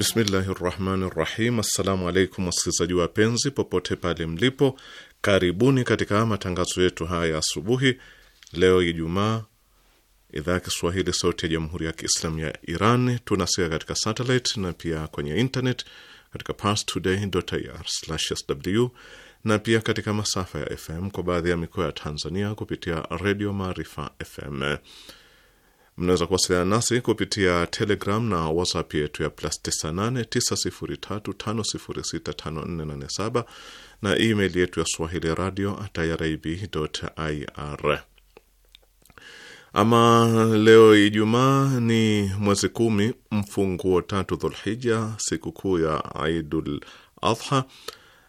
Bismillahi rahmani rahim. Assalamu alaikum wasikilizaji wapenzi, popote pale mlipo, karibuni katika matangazo yetu haya ya asubuhi leo Ijumaa, idhaa ya Kiswahili sauti ya jamhuri ya Kiislamu ya Iran. Tunasika katika satellite na pia kwenye internet katika parstoday.ir/sw na pia katika masafa ya FM kwa baadhi ya mikoa ya Tanzania kupitia redio Maarifa FM. Mnaweza kuwasiliana nasi kupitia Telegram na WhatsApp yetu ya plus 989035065487 na email yetu ya swahili radio irib.ir. Ama leo Ijumaa ni mwezi kumi mfunguo tatu Dhulhija, sikukuu ya Aidul Adha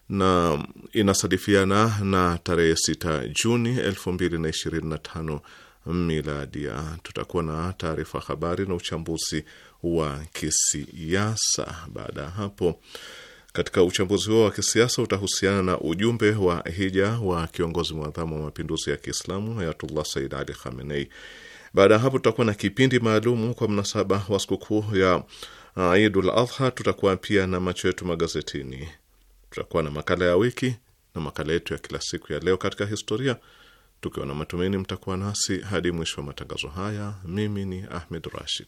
na inasadifiana na tarehe 6 Juni 2025 miladia. Ah, tutakuwa na taarifa habari na uchambuzi wa kisiasa baada ya hapo. Katika uchambuzi huo wa kisiasa utahusiana na ujumbe wa hija wa kiongozi mwadhamu wa mapinduzi ya Kiislamu Ayatullah Said Ali Khamenei. Baada ya hapo, tutakuwa na kipindi maalumu kwa mnasaba wa sikukuu ya ah, Idul Adha. Tutakuwa pia na macho yetu magazetini, tutakuwa na makala ya wiki na makala yetu ya kila siku ya leo katika historia tukiwa na matumaini mtakuwa nasi hadi mwisho wa matangazo haya. Mimi ni Ahmed Rashid.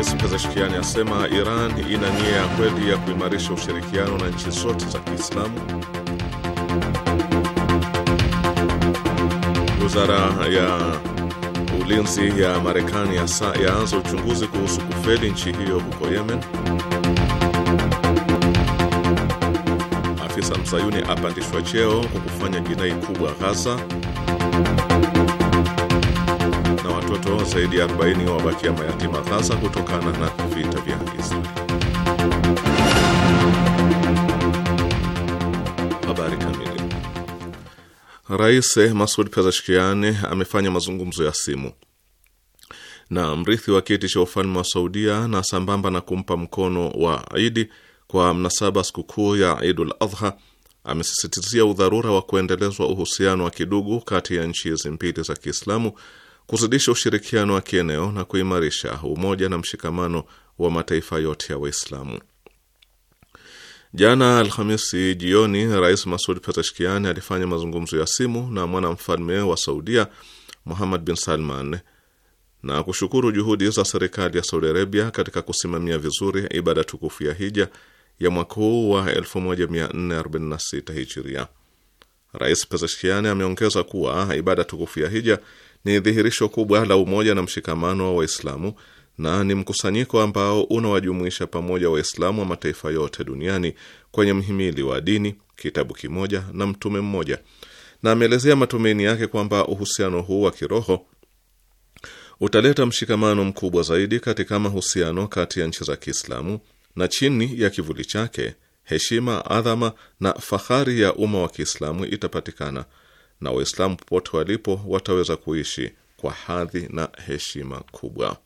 Rais Pezeshkiani asema Iran ina nia ya kweli ya kuimarisha ushirikiano na nchi zote za Kiislamu. Wizara ya ulinzi ya Marekani yaanza ya uchunguzi kuhusu kufeli nchi hiyo huko Yemen. Afisa mzayuni apandishwa cheo kwa kufanya jinai kubwa ghaza watoto zaidi ya 40 wabakia mayatima Gaza kutokana na vita vya Israeli. Habari kamili. Rais Masoud Pezeshkian amefanya mazungumzo ya simu na mrithi wa kiti cha ufalme wa Saudia na sambamba na kumpa mkono wa Idi kwa mnasaba sikukuu ya Idul Adha amesisitizia udharura wa kuendelezwa uhusiano wa kidugu kati ya nchi hizi mbili za Kiislamu kuzidisha ushirikiano wa kieneo na kuimarisha umoja na mshikamano wa mataifa yote ya Waislamu. Jana Alhamisi jioni, Rais Masud Pezeshkian alifanya mazungumzo ya simu na mwanamfalme wa Saudia Muhammad bin Salman na kushukuru juhudi za serikali ya Saudi Arabia katika kusimamia vizuri ibada tukufu ya hija ya mwaka huu wa 1446 Hijiria. Rais Pezeshkian ameongeza kuwa ibada tukufu ya hija ni dhihirisho kubwa la umoja na mshikamano wa Waislamu na ni mkusanyiko ambao unawajumuisha pamoja Waislamu wa mataifa yote duniani kwenye mhimili wa dini, kitabu kimoja na mtume mmoja, na ameelezea matumaini yake kwamba uhusiano huu wa kiroho utaleta mshikamano mkubwa zaidi katika mahusiano kati ya nchi za Kiislamu, na chini ya kivuli chake heshima, adhama na fahari ya umma wa Kiislamu itapatikana na Waislamu popote walipo wataweza kuishi kwa hadhi na heshima kubwa.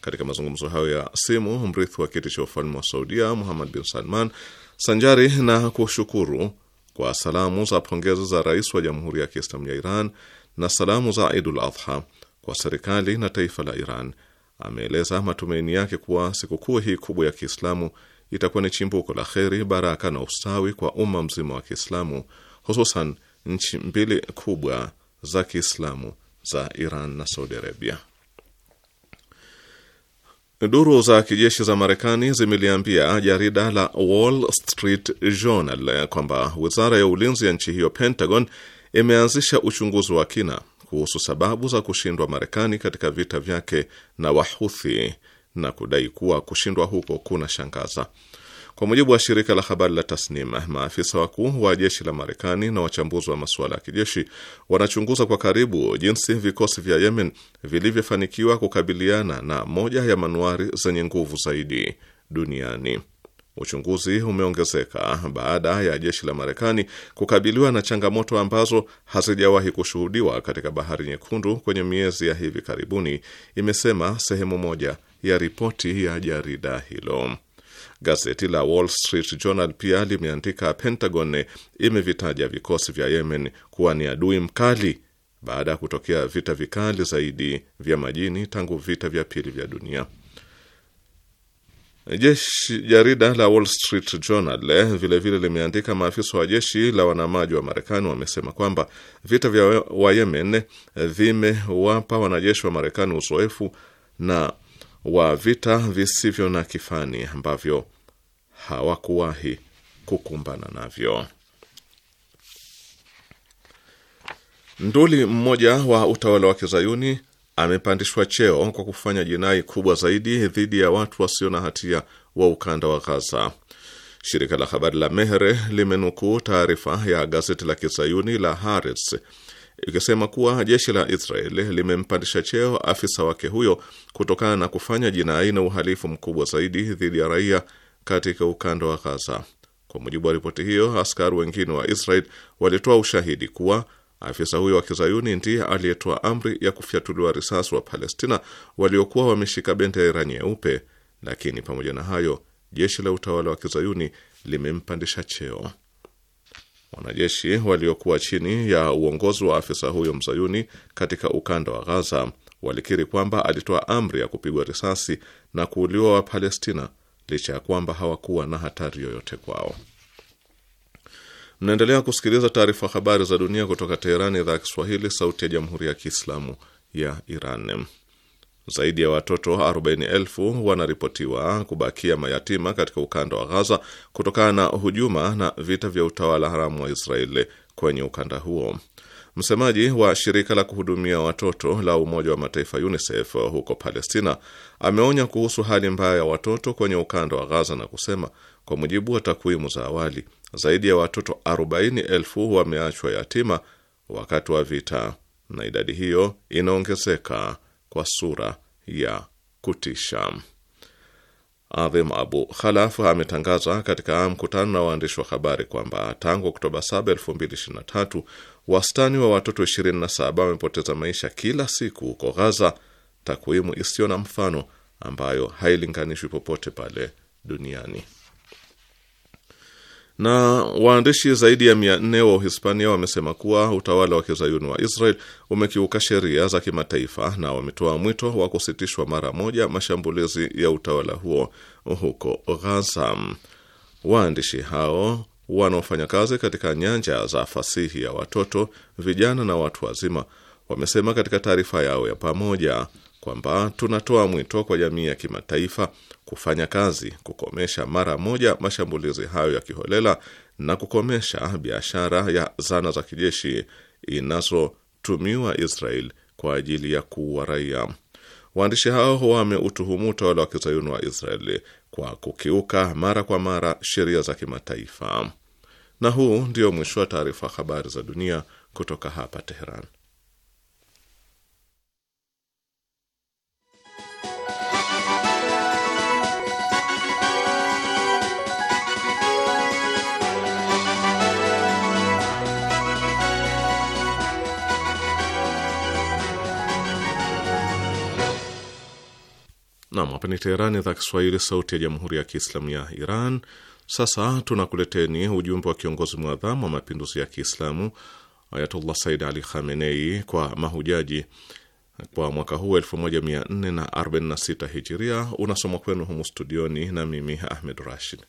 Katika mazungumzo hayo ya simu, mrithi wa kiti cha ufalme wa Saudia Muhammad bin Salman, sanjari na kushukuru kwa salamu za pongezi za rais wa Jamhuri ya Kiislamu ya Iran na salamu za Idul Adha kwa serikali na taifa la Iran, ameeleza matumaini yake kuwa sikukuu hii kubwa ya Kiislamu itakuwa ni chimbuko la kheri, baraka na ustawi kwa umma mzima wa Kiislamu, hususan nchi mbili kubwa za Kiislamu za Iran na Saudi Arabia. Duru za kijeshi za Marekani zimeliambia jarida la Wall Street Journal kwamba wizara ya ulinzi ya nchi hiyo, Pentagon, imeanzisha uchunguzi wa kina kuhusu sababu za kushindwa Marekani katika vita vyake na Wahuthi na kudai kuwa kushindwa huko kuna shangaza. Kwa mujibu wa shirika la habari la Tasnim, maafisa wakuu wa jeshi la Marekani na wachambuzi wa masuala ya kijeshi wanachunguza kwa karibu jinsi vikosi vya Yemen vilivyofanikiwa kukabiliana na moja ya manuari zenye nguvu zaidi duniani. Uchunguzi umeongezeka baada ya jeshi la Marekani kukabiliwa na changamoto ambazo hazijawahi kushuhudiwa katika Bahari Nyekundu kwenye miezi ya hivi karibuni, imesema sehemu moja ya ripoti ya jarida hilo. Gazeti la Wall Street Journal pia limeandika, Pentagon imevitaja vikosi vya Yemen kuwa ni adui mkali baada ya kutokea vita vikali zaidi vya majini tangu vita vya pili vya dunia. Jeshi jarida la Wall Street Journal vilevile eh, limeandika maafisa wa jeshi la wanamaji wa Marekani wamesema kwamba vita vya wa Yemen vimewapa wanajeshi wa Marekani uzoefu na wa vita visivyo na kifani ambavyo hawakuwahi kukumbana navyo. Nduli mmoja wa utawala wa kizayuni amepandishwa cheo kwa kufanya jinai kubwa zaidi dhidi ya watu wasio na hatia wa ukanda wa Gaza. Shirika la habari la Mehre limenukuu taarifa ya gazeti la kizayuni la Haaretz ikisema kuwa jeshi la Israeli limempandisha cheo afisa wake huyo kutokana na kufanya jinai na uhalifu mkubwa zaidi dhidi ya raia katika ukanda wa Gaza. Kwa mujibu wa ripoti hiyo, askari wengine wa Israel walitoa ushahidi kuwa afisa huyo wa kizayuni ndiye aliyetoa amri ya kufyatuliwa risasi wa Palestina waliokuwa wameshika bendera nyeupe, lakini pamoja na hayo jeshi la utawala wa kizayuni limempandisha cheo. Wanajeshi waliokuwa chini ya uongozi wa afisa huyo mzayuni katika ukanda wa Ghaza walikiri kwamba alitoa amri ya kupigwa risasi na kuuliwa Wapalestina licha ya kwamba hawakuwa na hatari yoyote kwao. Mnaendelea kusikiliza taarifa habari za dunia kutoka Teherani, idhaa ya Kiswahili, sauti ya jamhuri ya kiislamu ya Iran. Zaidi ya watoto 40,000 wanaripotiwa kubakia mayatima katika ukanda wa Ghaza kutokana na hujuma na vita vya utawala haramu wa Israeli kwenye ukanda huo. Msemaji wa shirika la kuhudumia watoto la Umoja wa Mataifa UNICEF huko Palestina ameonya kuhusu hali mbaya ya watoto kwenye ukanda wa Ghaza na kusema, kwa mujibu wa takwimu za awali, zaidi ya watoto 40,000 wameachwa yatima wakati wa vita na idadi hiyo inaongezeka kwa sura ya kutisha. Adhim Abu Khalaf ametangaza katika mkutano na waandishi wa habari kwamba tangu Oktoba 7, 2023 wastani wa watoto 27 wamepoteza maisha kila siku huko Ghaza, takwimu isiyo na mfano ambayo hailinganishwi popote pale duniani na waandishi zaidi ya mia nne wa Uhispania wamesema kuwa utawala wa kizayuni wa Israel umekiuka sheria za kimataifa na wametoa mwito wa kusitishwa mara moja mashambulizi ya utawala huo huko Ghaza. Waandishi hao wanaofanya kazi katika nyanja za fasihi ya watoto, vijana na watu wazima wamesema katika taarifa yao ya pamoja kwamba tunatoa mwito kwa jamii ya kimataifa kufanya kazi kukomesha mara moja mashambulizi hayo ya kiholela na kukomesha biashara ya zana za kijeshi inazotumiwa Israel kwa ajili ya kuua raia. Waandishi hao wameutuhumu utawala wa kizayuni wa Israeli kwa kukiuka mara kwa mara sheria za kimataifa. Na huu ndio mwisho wa taarifa habari za dunia kutoka hapa Teheran. Nam, hapa ni Teherani, idhaa Kiswahili, sauti ya jamhuri ya kiislamu ya Iran. Sasa tunakuleteni ujumbe wa kiongozi mwadhamu wa mapinduzi ya Kiislamu Ayatullah Said Ali Khamenei kwa mahujaji kwa mwaka huu 1446 hijiria, unasoma kwenu humu studioni na mimi Ahmed Rashid.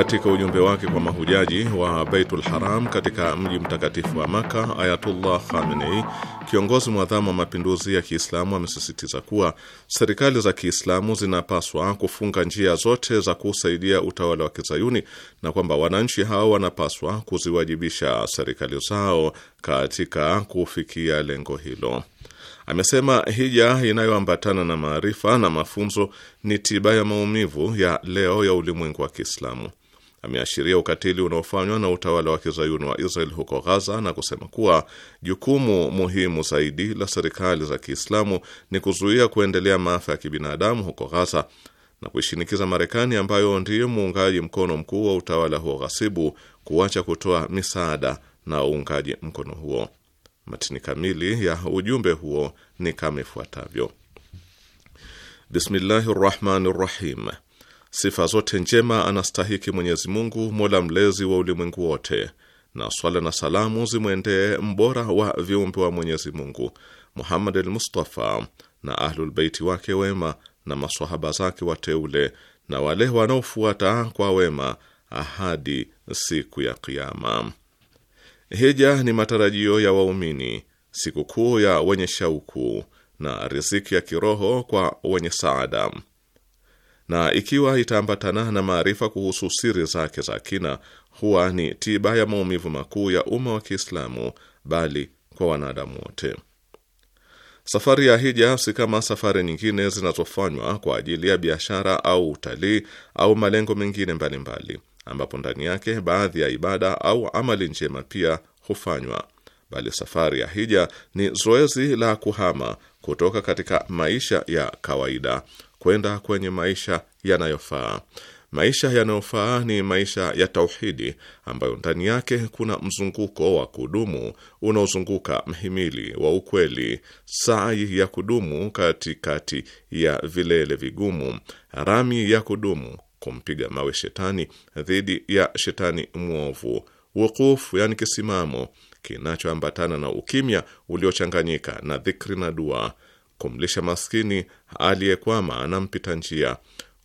Katika ujumbe wake kwa mahujaji wa Baitul Haram katika mji mtakatifu wa Maka, Ayatullah Khamenei, kiongozi mwadhamu wa mapinduzi ya Kiislamu, amesisitiza kuwa serikali za Kiislamu zinapaswa kufunga njia zote za kusaidia utawala wa Kizayuni na kwamba wananchi hao wanapaswa kuziwajibisha serikali zao katika kufikia lengo hilo. Amesema hija inayoambatana na maarifa na mafunzo ni tiba ya maumivu ya leo ya ulimwengu wa Kiislamu. Ameashiria ukatili unaofanywa na utawala wa kizayuni wa Israel huko Ghaza na kusema kuwa jukumu muhimu zaidi la serikali za Kiislamu ni kuzuia kuendelea maafa ya kibinadamu huko Ghaza na kuishinikiza Marekani ambayo ndiyo muungaji mkono mkuu wa utawala huo ghasibu kuacha kutoa misaada na uungaji mkono huo. Matini kamili ya ujumbe huo ni kama ifuatavyo: Bismillahi rahmani rahim Sifa zote njema anastahiki Mwenyezi Mungu, mola mlezi wa ulimwengu wote, na swala na salamu zimwendee mbora wa viumbe wa Mwenyezi Mungu Muhammad al-Mustafa na ahlulbeiti wake wema na maswahaba zake wateule na wale wanaofuata kwa wema ahadi siku ya kiama Hija ni matarajio ya waumini, sikukuu ya wenye shauku na riziki ya kiroho kwa wenye saada na ikiwa itaambatana na maarifa kuhusu siri zake za kina, huwa ni tiba ya maumivu makuu ya umma wa Kiislamu, bali kwa wanadamu wote. Safari ya hija si kama safari nyingine zinazofanywa kwa ajili ya biashara au utalii au malengo mengine mbalimbali, ambapo ndani yake baadhi ya ibada au amali njema pia hufanywa, bali safari ya hija ni zoezi la kuhama kutoka katika maisha ya kawaida kwenda kwenye maisha yanayofaa. Maisha yanayofaa ni maisha ya tauhidi ambayo ndani yake kuna mzunguko wa kudumu unaozunguka mhimili wa ukweli, sai ya kudumu katikati ya vilele vigumu, rami ya kudumu kumpiga mawe shetani dhidi ya shetani mwovu, wukufu, yani kisimamo kinachoambatana na ukimya uliochanganyika na dhikri na dua, kumlisha maskini aliyekwama na mpita njia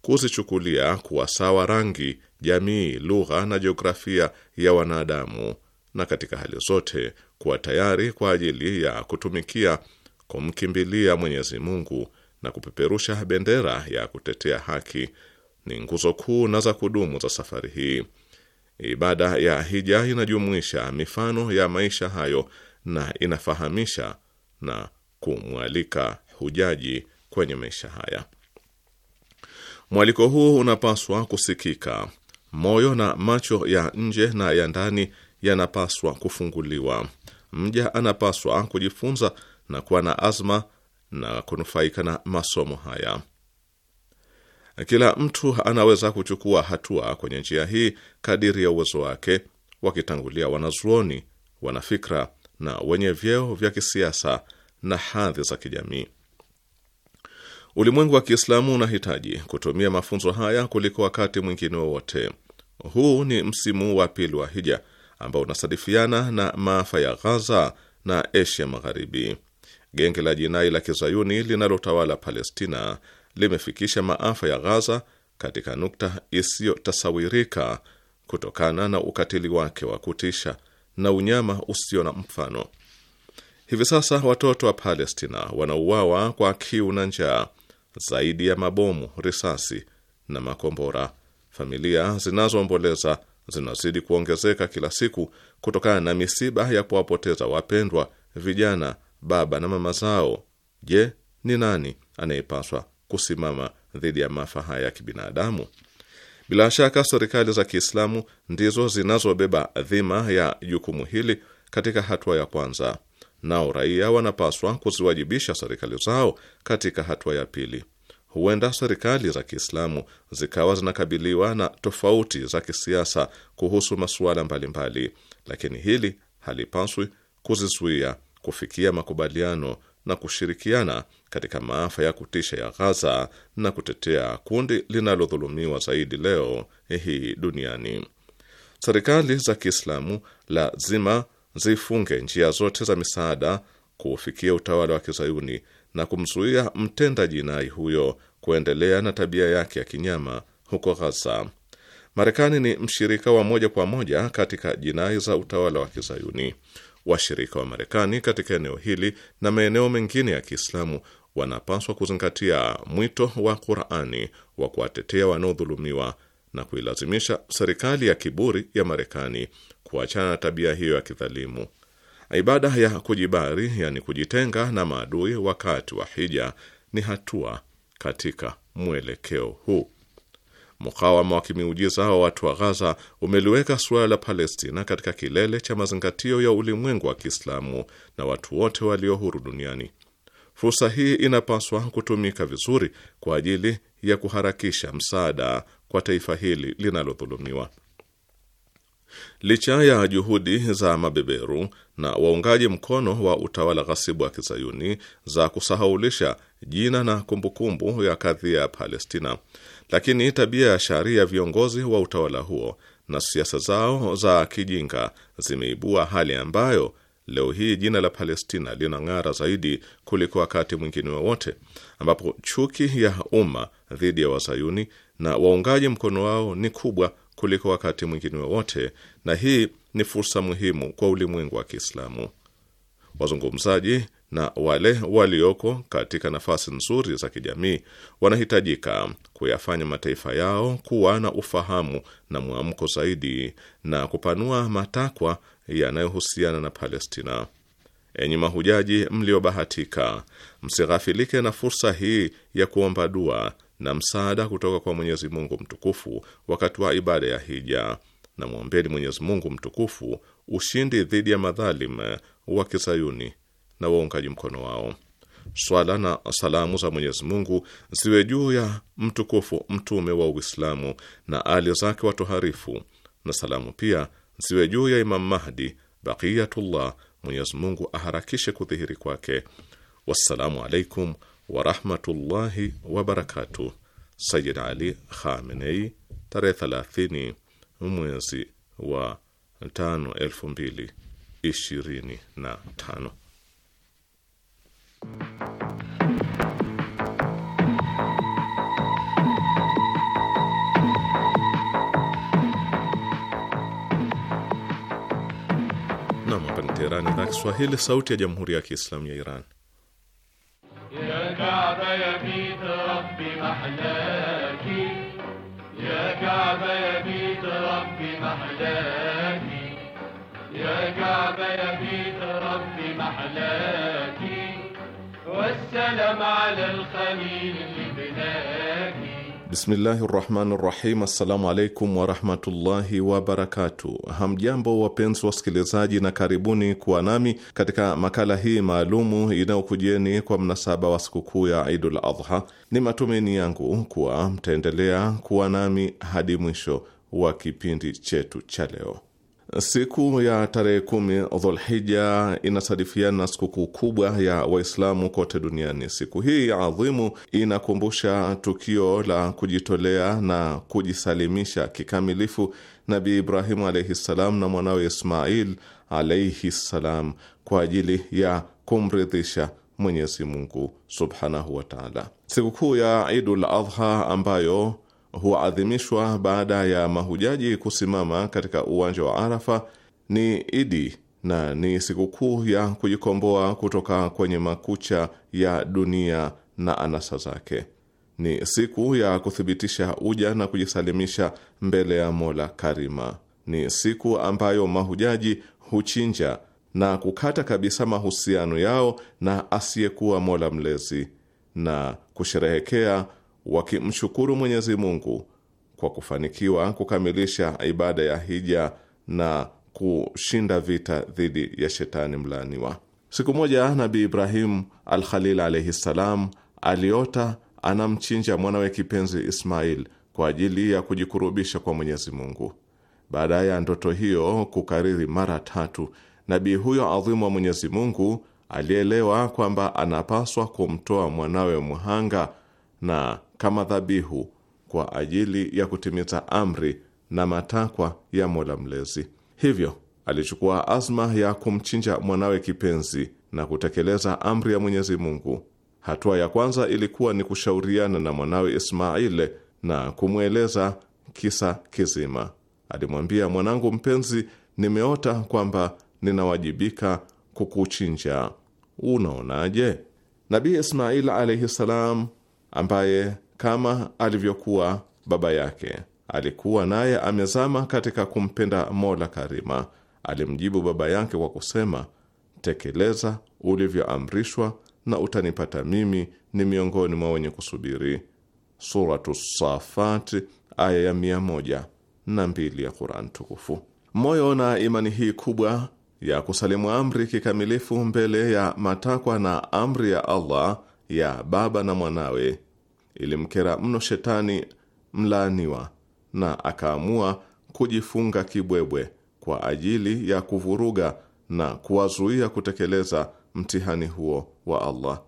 kuzichukulia kuwa sawa rangi, jamii, lugha na jiografia ya wanadamu, na katika hali zote kuwa tayari kwa ajili ya kutumikia, kumkimbilia Mwenyezi Mungu na kupeperusha bendera ya kutetea haki ni nguzo kuu na za kudumu za safari hii. Ibada ya hija inajumuisha mifano ya maisha hayo na inafahamisha na kumwalika hujaji kwenye maisha haya. Mwaliko huu unapaswa kusikika, moyo na macho ya nje na ya ndani yanapaswa kufunguliwa. Mja anapaswa kujifunza na kuwa na azma na kunufaika na masomo haya. Kila mtu anaweza kuchukua hatua kwenye njia hii kadiri ya uwezo wake, wakitangulia wanazuoni, wanafikra na wenye vyeo vya kisiasa na hadhi za kijamii. Ulimwengu wa Kiislamu unahitaji kutumia mafunzo haya kuliko wakati mwingine wowote. Huu ni msimu wa pili wa hija ambao unasadifiana na maafa ya Ghaza na Asia Magharibi. Genge la jinai la kizayuni linalotawala Palestina limefikisha maafa ya Ghaza katika nukta isiyotasawirika kutokana na ukatili wake wa kutisha na unyama usio na mfano. Hivi sasa watoto wa Palestina wanauawa kwa kiu na njaa zaidi ya mabomu, risasi na makombora. Familia zinazoomboleza zinazidi kuongezeka kila siku kutokana na misiba ya kuwapoteza wapendwa, vijana, baba na mama zao. Je, ni nani anayepaswa kusimama dhidi ya maafa haya ya kibinadamu? Bila shaka serikali za Kiislamu ndizo zinazobeba dhima ya jukumu hili katika hatua ya kwanza. Nao raia wanapaswa kuziwajibisha serikali zao katika hatua ya pili. Huenda serikali za Kiislamu zikawa zinakabiliwa na tofauti za kisiasa kuhusu masuala mbalimbali, lakini hili halipaswi kuzizuia kufikia makubaliano na kushirikiana katika maafa ya kutisha ya Ghaza na kutetea kundi linalodhulumiwa zaidi leo hii duniani. Serikali za Kiislamu lazima zifunge njia zote za misaada kuufikia utawala wa kizayuni na kumzuia mtenda jinai huyo kuendelea na tabia yake ya kinyama huko Ghaza. Marekani ni mshirika wa moja kwa moja katika jinai za utawala wa kizayuni. Washirika wa Marekani katika eneo hili na maeneo mengine ya Kiislamu wanapaswa kuzingatia mwito wa Qur'ani wa kuwatetea wanaodhulumiwa na kuilazimisha serikali ya kiburi ya Marekani kuachana na tabia hiyo ya kidhalimu. Ibada ya kujibari, yani kujitenga na maadui wakati wa hija, ni hatua katika mwelekeo huu. Mukawama wa kimiujiza wa watu wa Ghaza umeliweka suala la Palestina katika kilele cha mazingatio ya ulimwengu wa Kiislamu na watu wote walio huru duniani. Fursa hii inapaswa kutumika vizuri kwa ajili ya kuharakisha msaada kwa taifa hili linalodhulumiwa. Licha ya juhudi za mabeberu na waungaji mkono wa utawala ghasibu wa kizayuni za kusahaulisha jina na kumbukumbu kumbu ya kadhi ya Palestina, lakini tabia ya shari ya viongozi wa utawala huo na siasa zao za kijinga zimeibua hali ambayo leo hii jina la Palestina linang'ara zaidi kuliko wakati mwingine wowote, ambapo chuki ya umma dhidi ya wazayuni na waungaji mkono wao ni kubwa kuliko wakati mwingine wowote, na hii ni fursa muhimu kwa ulimwengu wa Kiislamu. Wazungumzaji na wale walioko katika nafasi nzuri za kijamii wanahitajika kuyafanya mataifa yao kuwa na ufahamu na mwamko zaidi na kupanua matakwa yanayohusiana na Palestina. Enyi mahujaji mliobahatika, msighafilike na fursa hii ya kuomba dua na msaada kutoka kwa Mwenyezi Mungu mtukufu wakati wa ibada ya hija, na mwombeni Mwenyezi Mungu mtukufu ushindi dhidi ya madhalim wa kisayuni na waungaji mkono wao. Swala na salamu za Mwenyezi Mungu ziwe juu ya mtukufu mtume wa Uislamu na ali zake watoharifu, na salamu pia ziwe juu ya Imam Mahdi Baqiyatullah, Mwenyezi Mungu aharakishe kudhihiri kwake. Wassalamu alaikum wa rahmatullahi wa barakatuh. Sayyid Ali Khamenei, tarehe 30 mwezi wa 5 2025. Nam, hapa ni Teherani, idhaa Kiswahili, sauti ya jamhuri ya kiislamu ya Iran. والسلام على الخليل لبناكي Bismillahi rahmani rahim. Assalamu alaikum warahmatullahi wabarakatu. Hamjambo wapenzi wasikilizaji, na karibuni kuwa nami katika makala hii maalumu inayokujieni kwa mnasaba wa sikukuu ya Idul Adha. Ni matumaini yangu kuwa mtaendelea kuwa nami hadi mwisho wa kipindi chetu cha leo. Siku ya tarehe kumi Dhulhija inasadifiana na sikukuu kubwa ya Waislamu kote duniani. Siku hii adhimu inakumbusha tukio la kujitolea na kujisalimisha kikamilifu Nabi Ibrahimu alaihi ssalam na mwanawe Ismail alaihi ssalam kwa ajili ya kumridhisha Mwenyezi Mungu subhanahu wa taala. Sikukuu ya Idul Adha ambayo huadhimishwa baada ya mahujaji kusimama katika uwanja wa Arafa ni Idi na ni sikukuu ya kujikomboa kutoka kwenye makucha ya dunia na anasa zake. Ni siku ya kuthibitisha uja na kujisalimisha mbele ya Mola Karima. Ni siku ambayo mahujaji huchinja na kukata kabisa mahusiano yao na asiyekuwa Mola Mlezi na kusherehekea wakimshukuru Mwenyezi Mungu kwa kufanikiwa kukamilisha ibada ya hija na kushinda vita dhidi ya shetani mlaaniwa. Siku moja Nabii Ibrahim al-Khalil alayhi salam aliota anamchinja mwanawe kipenzi Ismail kwa ajili ya kujikurubisha kwa Mwenyezi Mungu. Baada ya ndoto hiyo kukariri mara tatu, nabii huyo adhimu wa Mwenyezi Mungu alielewa kwamba anapaswa kumtoa mwanawe mhanga na kama dhabihu kwa ajili ya kutimiza amri na matakwa ya Mola Mlezi. Hivyo alichukua azma ya kumchinja mwanawe kipenzi na kutekeleza amri ya Mwenyezi Mungu. Hatua ya kwanza ilikuwa ni kushauriana na mwanawe Ismail na kumweleza kisa kizima. Alimwambia, mwanangu mpenzi, nimeota kwamba ninawajibika kukuchinja, unaonaje? Nabii Ismail alaihi salam, ambaye kama alivyokuwa baba yake. Alikuwa naye amezama katika kumpenda Mola Karima. Alimjibu baba yake kwa kusema, tekeleza ulivyoamrishwa na utanipata mimi ni miongoni mwa wenye kusubiri. Suratu Safat aya ya mia moja na mbili ya Quran Tukufu. Moyo na imani hii kubwa ya kusalimu amri kikamilifu mbele ya matakwa na amri ya Allah ya baba na mwanawe ilimkera mno shetani mlaaniwa, na akaamua kujifunga kibwebwe kwa ajili ya kuvuruga na kuwazuia kutekeleza mtihani huo wa Allah.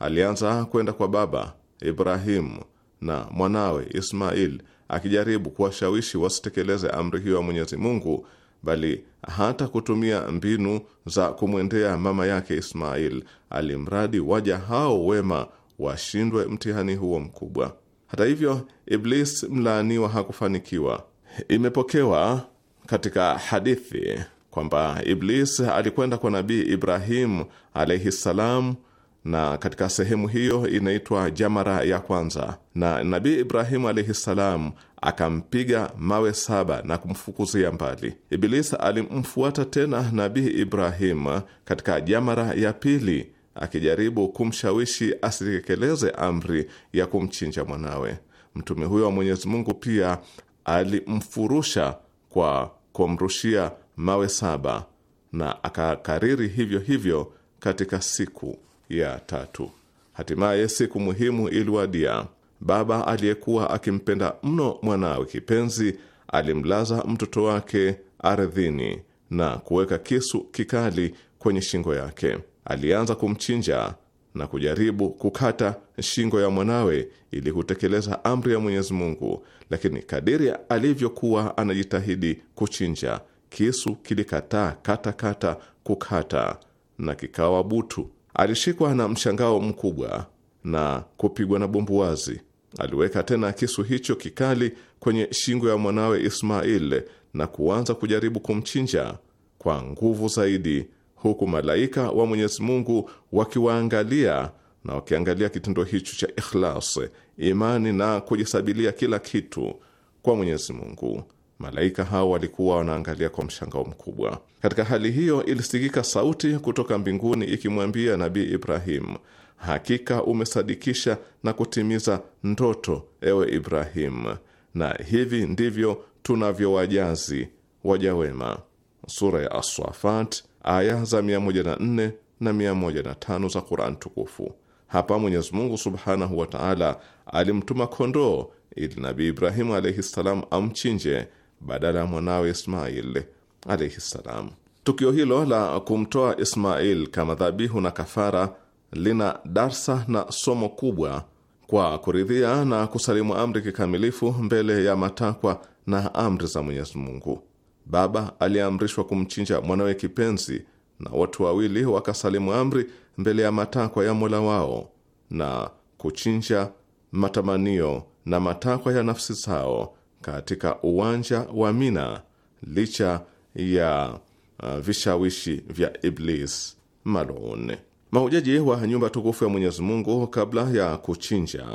Alianza kwenda kwa baba ibrahimu na mwanawe Ismail akijaribu kuwashawishi wasitekeleze amri hiyo ya Mwenyezi Mungu, bali hata kutumia mbinu za kumwendea mama yake Ismail, alimradi waja hao wema washindwe mtihani huo mkubwa. Hata hivyo, Iblis mlaaniwa hakufanikiwa. Imepokewa katika hadithi kwamba Iblis alikwenda kwa Nabii Ibrahimu alaihi ssalam, na katika sehemu hiyo inaitwa Jamara ya kwanza, na Nabii Ibrahimu alaihi ssalam akampiga mawe saba na kumfukuzia mbali. Iblis alimfuata tena Nabii Ibrahimu katika Jamara ya pili akijaribu kumshawishi asitekeleze amri ya kumchinja mwanawe. Mtume huyo wa Mwenyezi Mungu pia alimfurusha kwa kumrushia mawe saba na akakariri hivyo hivyo katika siku ya tatu. Hatimaye siku muhimu iliwadia. Baba aliyekuwa akimpenda mno mwanawe kipenzi alimlaza mtoto wake ardhini na kuweka kisu kikali kwenye shingo yake alianza kumchinja na kujaribu kukata shingo ya mwanawe ili kutekeleza amri ya Mwenyezi Mungu, lakini kadiri alivyokuwa anajitahidi kuchinja, kisu kilikataa kata kata kukata na kikawa butu. Alishikwa na mshangao mkubwa na kupigwa na bumbuwazi. Aliweka tena kisu hicho kikali kwenye shingo ya mwanawe Ismail na kuanza kujaribu kumchinja kwa nguvu zaidi huku malaika wa Mwenyezi Mungu wakiwaangalia na wakiangalia kitendo hicho cha ikhlas, imani na kujisabilia kila kitu kwa Mwenyezi Mungu. Malaika hao walikuwa wanaangalia kwa mshangao mkubwa. Katika hali hiyo, ilisikika sauti kutoka mbinguni ikimwambia Nabii Ibrahim, hakika umesadikisha na kutimiza ndoto, ewe Ibrahim, na hivi ndivyo tunavyowajazi waja wema. Sura ya Aswafat aya za 104 na 105 za Quran tukufu. Hapa Mwenyezi Mungu subhanahu wa taala alimtuma kondoo ili Nabii Ibrahimu alaihi ssalam amchinje badala ya mwanawe Ismail alaihi ssalam. Tukio hilo la kumtoa Ismail kama dhabihu na kafara lina darsa na somo kubwa kwa kuridhia na kusalimu amri kikamilifu mbele ya matakwa na amri za Mwenyezi Mungu. Baba aliamrishwa kumchinja mwanawe kipenzi, na watu wawili wakasalimu amri mbele ya matakwa ya Mola wao na kuchinja matamanio na matakwa ya nafsi zao katika uwanja wa Mina licha ya uh, vishawishi vya Iblis malun. Mahujaji wa nyumba tukufu ya Mwenyezi Mungu kabla ya kuchinja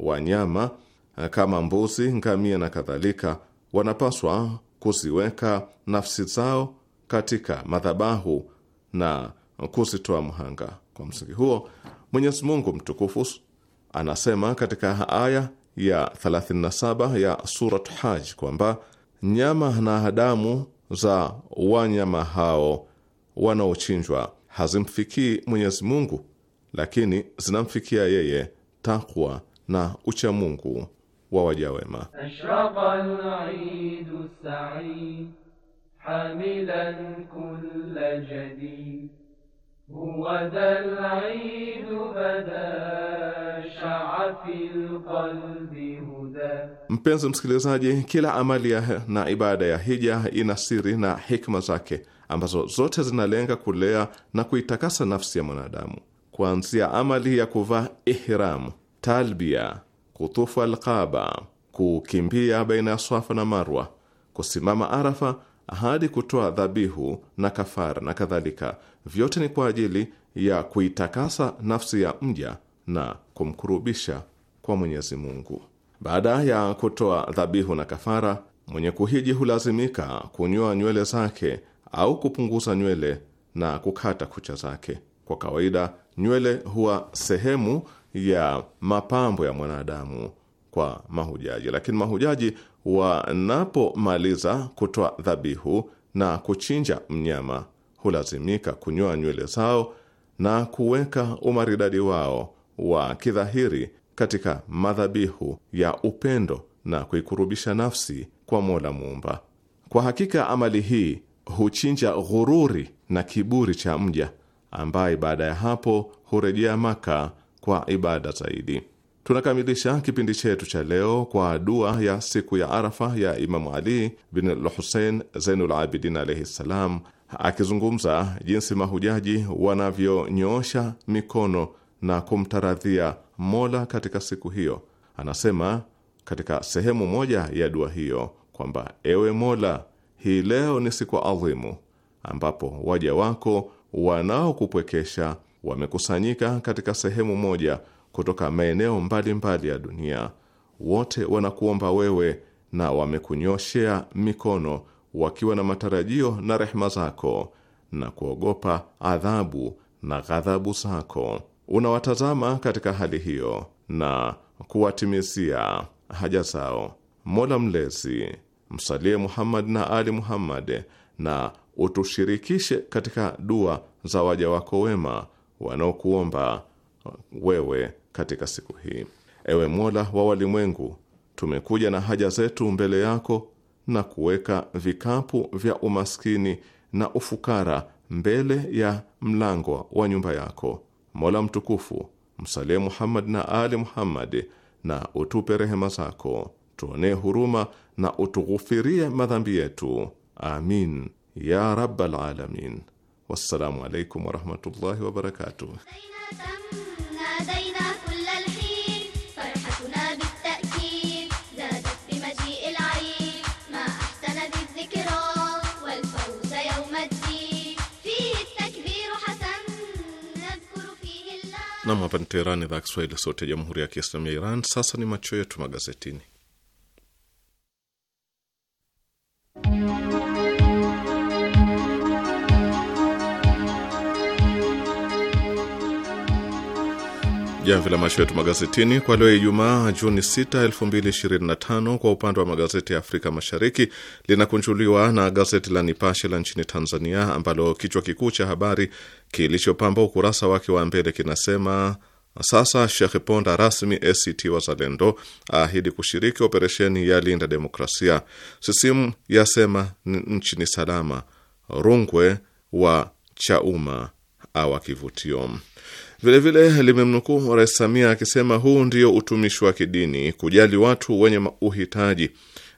wanyama uh, kama mbuzi, ngamia na kadhalika, wanapaswa kuziweka nafsi zao katika madhabahu na kuzitoa mhanga. Kwa msingi huo, Mwenyezi Mungu mtukufu anasema katika aya ya 37 ya Surat Haj kwamba nyama na damu za wanyama hao wanaochinjwa hazimfikii Mwenyezi Mungu, lakini zinamfikia yeye takwa na uchamungu wa waja wema. Mpenzi msikilizaji, kila amali ya na ibada ya hija ina siri na hikma zake ambazo zote zinalenga kulea na kuitakasa nafsi ya mwanadamu, kuanzia amali ya kuvaa ihram, talbia kutufu Alqaba, kukimbia baina ya Swafa na Marwa, kusimama Arafa hadi kutoa dhabihu na kafara na kadhalika, vyote ni kwa ajili ya kuitakasa nafsi ya mja na kumkurubisha kwa Mwenyezi Mungu. Baada ya kutoa dhabihu na kafara, mwenye kuhiji hulazimika kunyoa nywele zake au kupunguza nywele na kukata kucha zake. Kwa kawaida nywele huwa sehemu ya mapambo ya mwanadamu kwa mahujaji, lakini mahujaji wanapomaliza kutoa dhabihu na kuchinja mnyama hulazimika kunyoa nywele zao na kuweka umaridadi wao wa kidhahiri katika madhabihu ya upendo na kuikurubisha nafsi kwa Mola Muumba. Kwa hakika amali hii huchinja ghururi na kiburi cha mja ambaye baada ya hapo hurejea Maka kwa ibada zaidi. Tunakamilisha kipindi chetu cha leo kwa dua ya siku ya Arafa ya Imamu Ali bin Lhusein husein Zainul Abidin alaihi ssalam, akizungumza jinsi mahujaji wanavyonyoosha mikono na kumtaradhia Mola katika siku hiyo. Anasema katika sehemu moja ya dua hiyo kwamba ewe Mola, hii leo ni siku adhimu ambapo waja wako wanaokupwekesha wamekusanyika katika sehemu moja kutoka maeneo mbalimbali ya dunia. Wote wanakuomba wewe na wamekunyoshea mikono wakiwa na matarajio na rehema zako na kuogopa adhabu na ghadhabu zako. Unawatazama katika hali hiyo na kuwatimizia haja zao. Mola Mlezi, msalie Muhammad na Ali Muhammad na utushirikishe katika dua za waja wako wema wanaokuomba wewe katika siku hii. Ewe Mola wa walimwengu, tumekuja na haja zetu mbele yako na kuweka vikapu vya umaskini na ufukara mbele ya mlango wa nyumba yako. Mola mtukufu, msalie Muhammad na Ali Muhammad na utupe rehema zako, tuonee huruma na utughufirie madhambi yetu. Amin ya rabbal alamin. Wassalamu alaikum warahmatullahi wabarakatuh. Nam, hapa ni Teherani, idhaa Kiswahili, sauti ya jamhuri ya kiislamu ya Iran. Sasa ni macho yetu magazetini. Jamvi la macho yetu magazetini kwa leo Ijumaa, Juni 6, 2025. Kwa upande wa magazeti ya Afrika Mashariki, linakunjuliwa na gazeti la Nipashe la nchini Tanzania, ambalo kichwa kikuu cha habari kilichopamba ukurasa wake wa mbele kinasema sasa Sheikh Ponda rasmi ACT Wazalendo aahidi kushiriki operesheni ya linda demokrasia. Sisimu yasema nchi ni salama. Rungwe wa Chauma awa kivutio Vilevile limemnukuu Rais Samia akisema huu ndio utumishi wa kidini, kujali watu wenye uhitaji,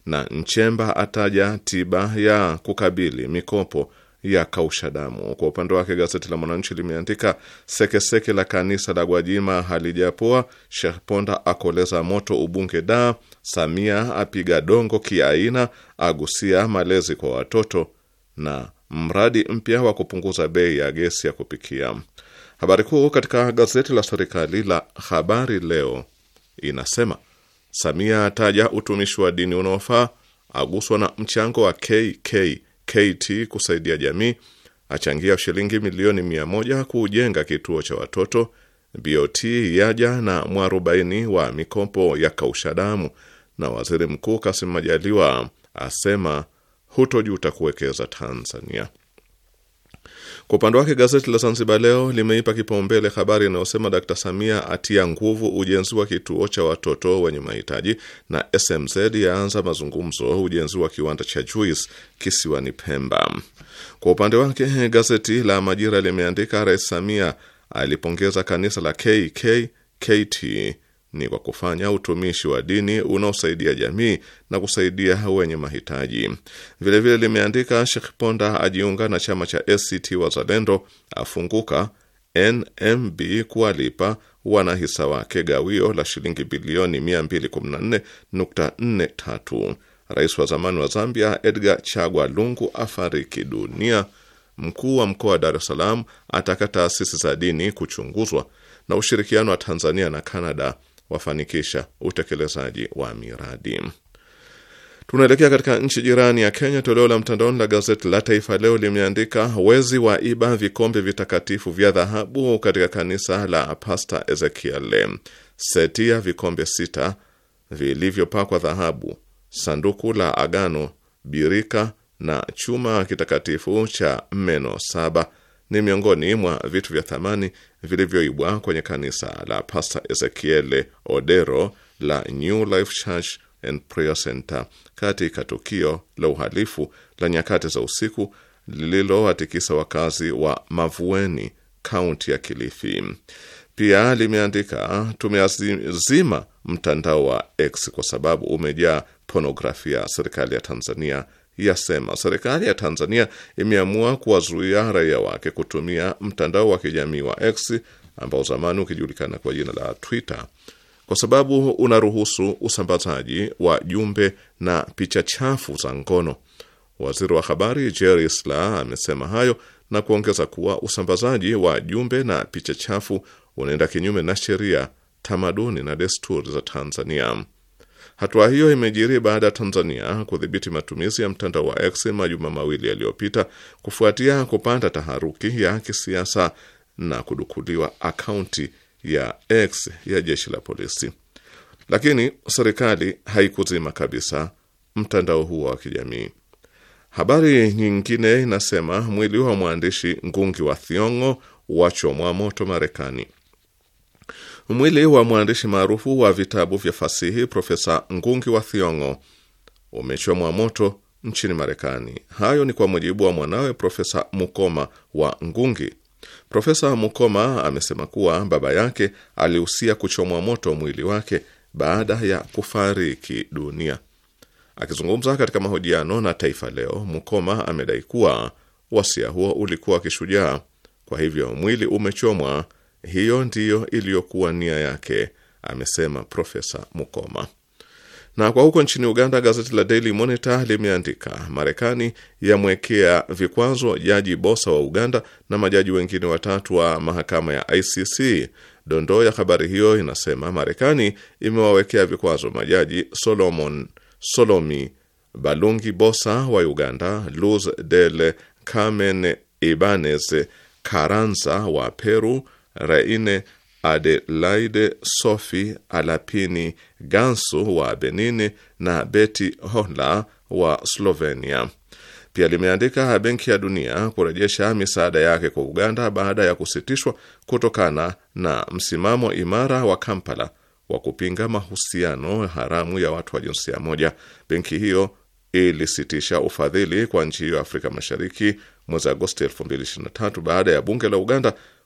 na Nchemba ataja tiba ya kukabili mikopo ya kausha damu. Kwa upande wake gazeti la Mwananchi limeandika sekeseke la kanisa la Gwajima halijapoa, Sheikh Ponda akoleza moto ubunge da, Samia apiga dongo kiaina, agusia malezi kwa watoto na mradi mpya wa kupunguza bei ya gesi ya kupikia. Habari kuu katika gazeti la serikali la Habari Leo inasema Samia ataja utumishi wa dini unaofaa, aguswa na mchango wa KKKT kusaidia jamii, achangia shilingi milioni mia moja kujenga kituo cha watoto. BOT yaja na mwarobaini wa mikopo ya kausha damu, na waziri mkuu Kasim Majaliwa asema hutojuta kuwekeza Tanzania. Kwa upande wake gazeti la Zanzibar Leo limeipa kipaumbele habari inayosema Dkt Samia atia nguvu ujenzi wa kituo cha watoto wenye mahitaji, na SMZ yaanza mazungumzo ujenzi wa kiwanda cha juice kisiwani Pemba. Kwa upande wake gazeti la Majira limeandika Rais Samia alipongeza kanisa la KKKT ni kwa kufanya utumishi wa dini unaosaidia jamii na kusaidia wenye mahitaji. Vilevile limeandika Sheikh Ponda ajiunga na chama cha ACT Wazalendo, afunguka NMB kuwalipa wanahisa wake gawio la shilingi bilioni 214.43. Rais wa zamani wa Zambia Edgar Chagwa Lungu afariki dunia. Mkuu wa mkoa wa Dar es Salaam ataka taasisi za dini kuchunguzwa, na ushirikiano wa Tanzania na canada wafanikisha utekelezaji wa miradi. Tunaelekea katika nchi jirani ya Kenya. Toleo la mtandaoni la gazeti la Taifa Leo limeandika wezi wa iba vikombe vitakatifu vya dhahabu katika kanisa la Pasta Ezekiel, seti ya vikombe sita vilivyopakwa dhahabu, sanduku la agano, birika na chuma kitakatifu cha meno saba ni miongoni mwa vitu vya thamani vilivyoibwa kwenye kanisa la Pastor ezekiele Odero la New Life Church and Prayer Center katika tukio la uhalifu la nyakati za usiku lililowatikisa wakazi wa Mavueni, kaunti ya Kilifi. Pia limeandika tumeazima mtandao wa X kwa sababu umejaa ponografia. Serikali ya Tanzania yasema serikali ya Tanzania imeamua kuwazuia raia wake kutumia mtandao wa kijamii wa X ambao zamani ukijulikana kwa jina la Twitter kwa sababu unaruhusu usambazaji wa jumbe na picha chafu za ngono. Waziri wa habari Jerry Sla amesema hayo na kuongeza kuwa usambazaji wa jumbe na picha chafu unaenda kinyume na sheria, tamaduni na desturi za Tanzania. Hatua hiyo imejiri baada ya Tanzania kudhibiti matumizi ya mtandao wa X majuma mawili yaliyopita kufuatia kupanda taharuki ya kisiasa na kudukuliwa akaunti ya X ya jeshi la polisi, lakini serikali haikuzima kabisa mtandao huo wa kijamii. Habari nyingine inasema mwili wa mwandishi Ngungi wa Thiong'o wachomwa moto Marekani. Mwili wa mwandishi maarufu wa vitabu vya fasihi Profesa Ngungi wa Thiong'o umechomwa moto nchini Marekani. Hayo ni kwa mujibu wa mwanawe Profesa Mukoma wa Ngungi. Profesa Mukoma amesema kuwa baba yake alihusia kuchomwa moto mwili wake baada ya kufariki dunia. Akizungumza katika mahojiano na Taifa Leo, Mukoma amedai kuwa wasia huo ulikuwa kishujaa, kwa hivyo mwili umechomwa hiyo ndiyo iliyokuwa nia yake, amesema Profesa Mukoma. Na kwa huko nchini Uganda, gazeti la Daily Monitor limeandika Marekani yamwekea vikwazo jaji Bosa wa Uganda na majaji wengine watatu wa mahakama ya ICC. Dondoo ya habari hiyo inasema Marekani imewawekea vikwazo majaji Solomon Solomi Balungi Bosa wa Uganda, Luz del Carmen Ibanez Karanza wa Peru, Raine Adelaide Sofi Alapini Gansu wa Benini na Betty Hola wa Slovenia. Pia limeandika Benki ya Dunia kurejesha misaada yake kwa Uganda baada ya kusitishwa kutokana na msimamo imara wa Kampala wa kupinga mahusiano haramu ya watu wa jinsia moja. Benki hiyo ilisitisha ufadhili kwa nchi hiyo Afrika Mashariki mwezi Agosti 2023 baada ya bunge la Uganda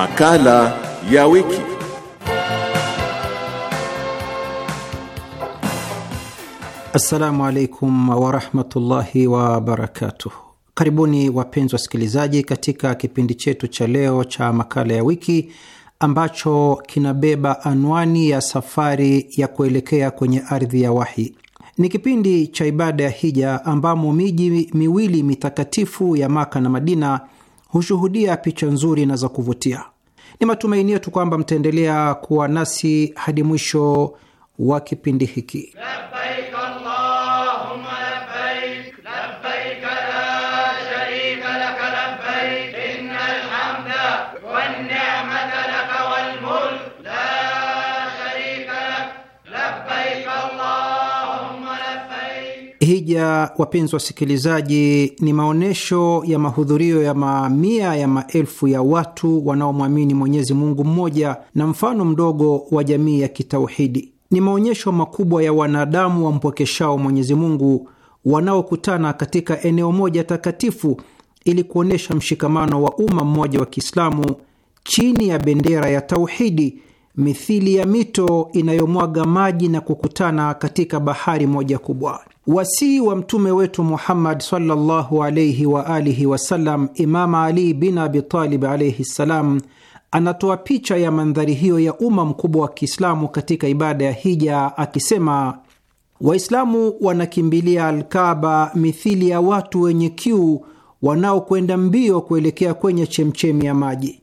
Makala ya wiki. Assalamu alaikum warahmatullahi wabarakatuh. Karibuni wapenzi wasikilizaji, katika kipindi chetu cha leo cha makala ya wiki ambacho kinabeba anwani ya safari ya kuelekea kwenye ardhi ya wahi. Ni kipindi cha ibada ya hija ambamo miji miwili mitakatifu ya Maka na Madina hushuhudia picha nzuri na za kuvutia. Ni matumaini yetu kwamba mtaendelea kuwa nasi hadi mwisho wa kipindi hiki. Hija, wapenzi wasikilizaji, ni maonyesho ya mahudhurio ya mamia ya maelfu ya watu wanaomwamini Mwenyezi Mungu mmoja na mfano mdogo wa jamii ya kitauhidi. Ni maonyesho makubwa ya wanadamu wampokeshao Mwenyezi Mungu wanaokutana katika eneo moja takatifu ili kuonyesha mshikamano wa umma mmoja wa Kiislamu chini ya bendera ya tauhidi, mithili ya mito inayomwaga maji na kukutana katika bahari moja kubwa. Wasii wa mtume wetu Muhammad sallallahu alaihi wa alihi wasallam, Ali bin Abitalib alaihi ssalam, anatoa picha ya mandhari hiyo ya umma mkubwa wa Kiislamu katika ibada ya hija akisema, Waislamu wanakimbilia Alkaba mithili ya watu wenye kiu wanaokwenda mbio kuelekea kwenye chemchemi ya maji,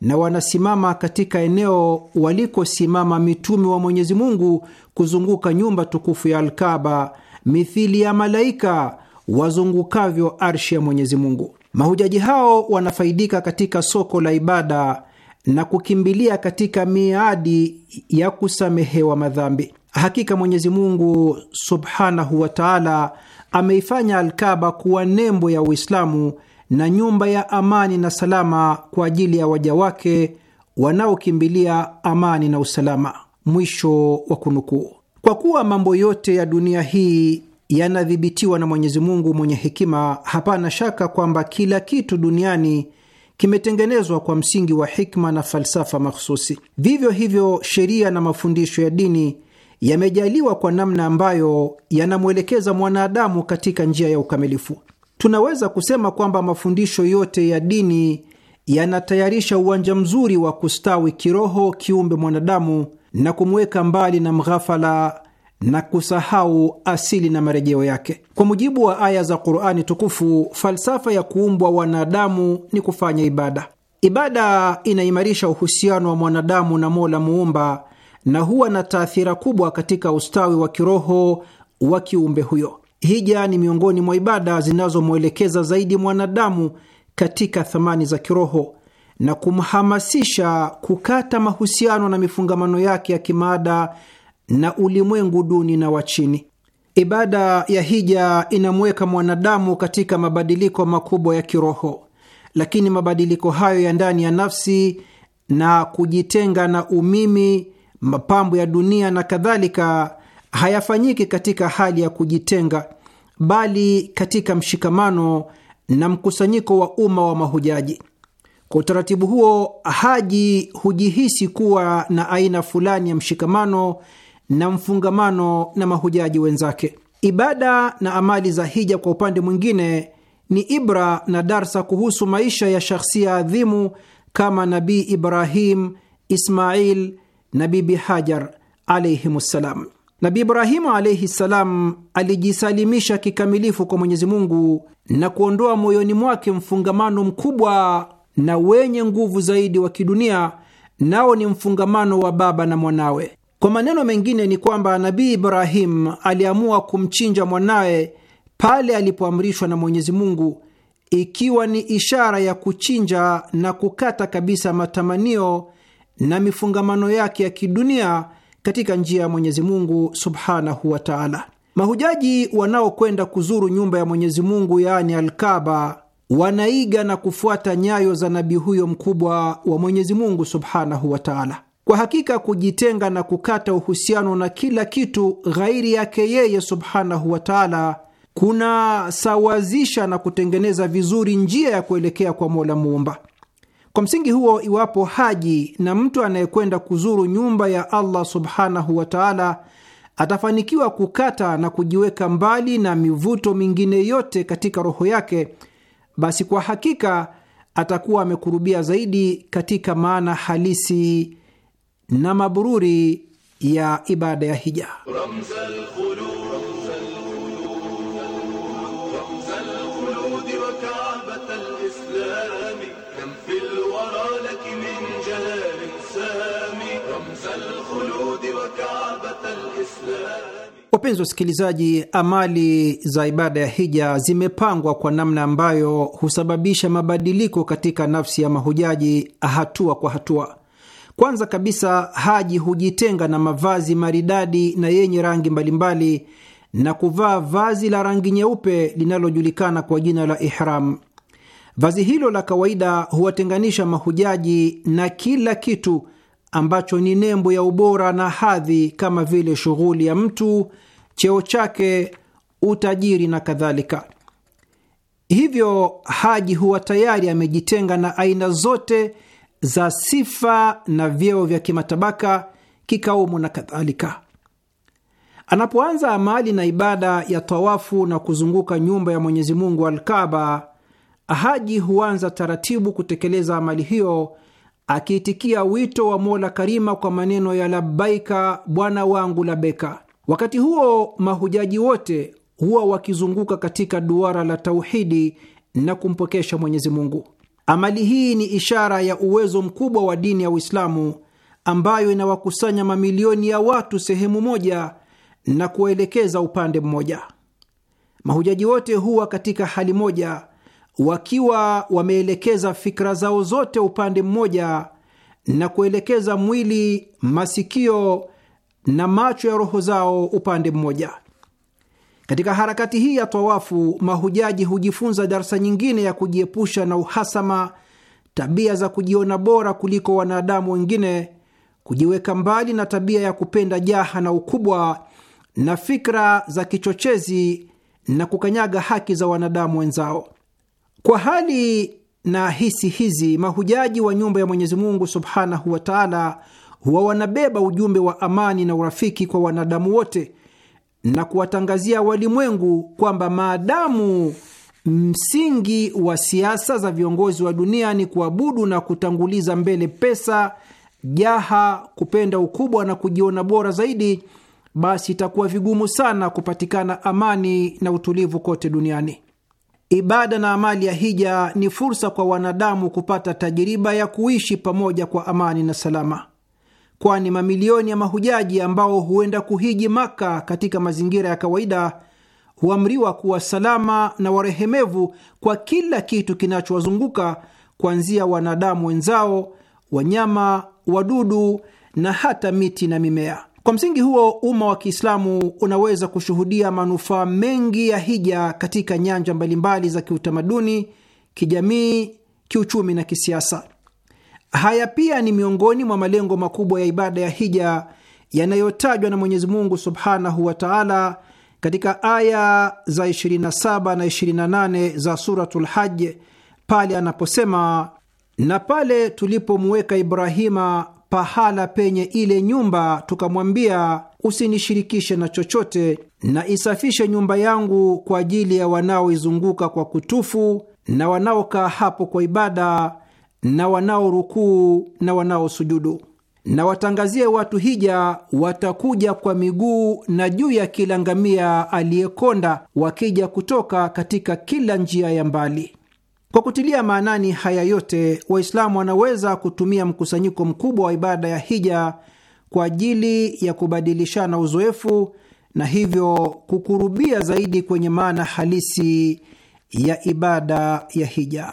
na wanasimama katika eneo walikosimama mitume wa Mwenyezi Mungu kuzunguka nyumba tukufu ya Alkaba mithili ya malaika wazungukavyo arshi ya Mwenyezi Mungu. Mahujaji hao wanafaidika katika soko la ibada na kukimbilia katika miadi ya kusamehewa madhambi. Hakika Mwenyezi Mungu subhanahu wa taala ameifanya Alkaba kuwa nembo ya Uislamu na nyumba ya amani na salama kwa ajili ya waja wake wanaokimbilia amani na usalama. Mwisho wa kunukuu. Kwa kuwa mambo yote ya dunia hii yanadhibitiwa na Mwenyezi Mungu mwenye hekima, hapana shaka kwamba kila kitu duniani kimetengenezwa kwa msingi wa hikma na falsafa mahsusi. Vivyo hivyo, sheria na mafundisho ya dini yamejaliwa kwa namna ambayo yanamwelekeza mwanadamu katika njia ya ukamilifu. Tunaweza kusema kwamba mafundisho yote ya dini yanatayarisha uwanja mzuri wa kustawi kiroho kiumbe mwanadamu na kumweka mbali na mghafala na kusahau asili na marejeo yake. Kwa mujibu wa aya za Qur'ani tukufu, falsafa ya kuumbwa wanadamu ni kufanya ibada. Ibada inaimarisha uhusiano wa mwanadamu na Mola muumba na huwa na taathira kubwa katika ustawi wa kiroho wa kiumbe huyo. Hija ni miongoni mwa ibada zinazomwelekeza zaidi mwanadamu katika thamani za kiroho na kumhamasisha kukata mahusiano na mifungamano yake ya kimaada na ulimwengu duni na wa chini. Ibada ya hija inamweka mwanadamu katika mabadiliko makubwa ya kiroho, lakini mabadiliko hayo ya ndani ya nafsi na kujitenga na umimi, mapambo ya dunia na kadhalika, hayafanyiki katika hali ya kujitenga, bali katika mshikamano na mkusanyiko wa umma wa mahujaji. Kwa utaratibu huo, haji hujihisi kuwa na aina fulani ya mshikamano na mfungamano na mahujaji wenzake. Ibada na amali za hija, kwa upande mwingine, ni ibra na darsa kuhusu maisha ya shakhsia adhimu kama Nabii Ibrahim, Ismail na Bibi Hajar alaihimussalam. Nabi Ibrahimu alaihi ssalam alijisalimisha kikamilifu kwa Mwenyezi Mungu na kuondoa moyoni mwake mfungamano mkubwa na wenye nguvu zaidi wa kidunia, nao ni mfungamano wa baba na mwanawe. Kwa maneno mengine ni kwamba Nabii Ibrahim aliamua kumchinja mwanawe pale alipoamrishwa na Mwenyezi Mungu, ikiwa ni ishara ya kuchinja na kukata kabisa matamanio na mifungamano yake ya kidunia katika njia ya Mwenyezi Mungu subhanahu wa taala. Mahujaji wanaokwenda kuzuru nyumba ya Mwenyezi Mungu, yaani Alkaba, wanaiga na kufuata nyayo za nabii huyo mkubwa wa Mwenyezi Mungu subhanahu wa taala. Kwa hakika kujitenga na kukata uhusiano na kila kitu ghairi yake yeye subhanahu wa taala kunasawazisha na kutengeneza vizuri njia ya kuelekea kwa Mola Muumba. Kwa msingi huo, iwapo haji na mtu anayekwenda kuzuru nyumba ya Allah subhanahu wa taala atafanikiwa kukata na kujiweka mbali na mivuto mingine yote katika roho yake basi kwa hakika atakuwa amekurubia zaidi katika maana halisi na mabururi ya ibada ya hija. Wapenzi wasikilizaji, amali za ibada ya hija zimepangwa kwa namna ambayo husababisha mabadiliko katika nafsi ya mahujaji hatua kwa hatua. Kwanza kabisa, haji hujitenga na mavazi maridadi na yenye rangi mbalimbali na kuvaa vazi la rangi nyeupe linalojulikana kwa jina la ihram. Vazi hilo la kawaida huwatenganisha mahujaji na kila kitu ambacho ni nembo ya ubora na hadhi kama vile shughuli ya mtu, cheo chake, utajiri na kadhalika. Hivyo haji huwa tayari amejitenga na aina zote za sifa na vyeo vya kimatabaka, kikaumu na kadhalika. Anapoanza amali na ibada ya tawafu na kuzunguka nyumba ya Mwenyezi Mungu Alkaba, haji huanza taratibu kutekeleza amali hiyo akiitikia wito wa Mola Karima kwa maneno ya labaika, bwana wangu labeka. Wakati huo mahujaji wote huwa wakizunguka katika duara la tauhidi na kumpokesha Mwenyezi Mungu. Amali hii ni ishara ya uwezo mkubwa wa dini ya Uislamu ambayo inawakusanya mamilioni ya watu sehemu moja na kuwaelekeza upande mmoja. Mahujaji wote huwa katika hali moja, wakiwa wameelekeza fikra zao zote upande mmoja na kuelekeza mwili, masikio na macho ya roho zao upande mmoja. Katika harakati hii ya tawafu, mahujaji hujifunza darsa nyingine ya kujiepusha na uhasama, tabia za kujiona bora kuliko wanadamu wengine, kujiweka mbali na tabia ya kupenda jaha na ukubwa, na fikra za kichochezi na kukanyaga haki za wanadamu wenzao. Kwa hali na hisi hizi, mahujaji wa nyumba ya Mwenyezi Mungu subhanahu wa taala huwa wanabeba ujumbe wa amani na urafiki kwa wanadamu wote na kuwatangazia walimwengu kwamba maadamu msingi wa siasa za viongozi wa dunia ni kuabudu na kutanguliza mbele pesa, jaha, kupenda ukubwa na kujiona bora zaidi, basi itakuwa vigumu sana kupatikana amani na utulivu kote duniani. Ibada na amali ya hija ni fursa kwa wanadamu kupata tajiriba ya kuishi pamoja kwa amani na salama kwani mamilioni ya mahujaji ambao huenda kuhiji Maka katika mazingira ya kawaida huamriwa kuwa salama na warehemevu kwa kila kitu kinachowazunguka kuanzia wanadamu wenzao, wanyama, wadudu na hata miti na mimea. Kwa msingi huo, umma wa Kiislamu unaweza kushuhudia manufaa mengi ya hija katika nyanja mbalimbali za kiutamaduni, kijamii, kiuchumi na kisiasa. Haya pia ni miongoni mwa malengo makubwa ya ibada ya hija yanayotajwa na Mwenyezi Mungu subhanahu wa taala katika aya za 27 na 28 za Suratul Haj pale anaposema, na pale tulipomuweka Ibrahima pahala penye ile nyumba tukamwambia, usinishirikishe na chochote, na isafishe nyumba yangu kwa ajili ya wanaoizunguka kwa kutufu na wanaokaa hapo kwa ibada na wanaorukuu na wanaosujudu, na watangazie watu hija, watakuja kwa miguu na juu ya kila ngamia aliyekonda, wakija kutoka katika kila njia ya mbali. Kwa kutilia maanani haya yote, Waislamu wanaweza kutumia mkusanyiko mkubwa wa ibada ya hija kwa ajili ya kubadilishana uzoefu na hivyo kukurubia zaidi kwenye maana halisi ya ibada ya hija.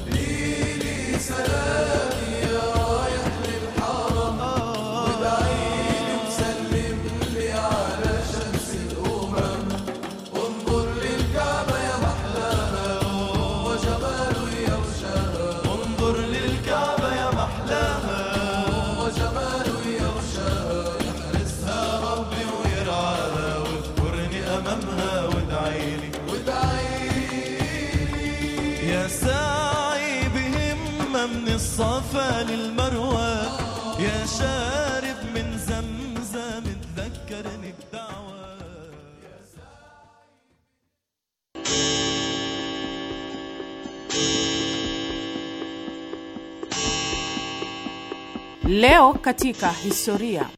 Leo katika historia.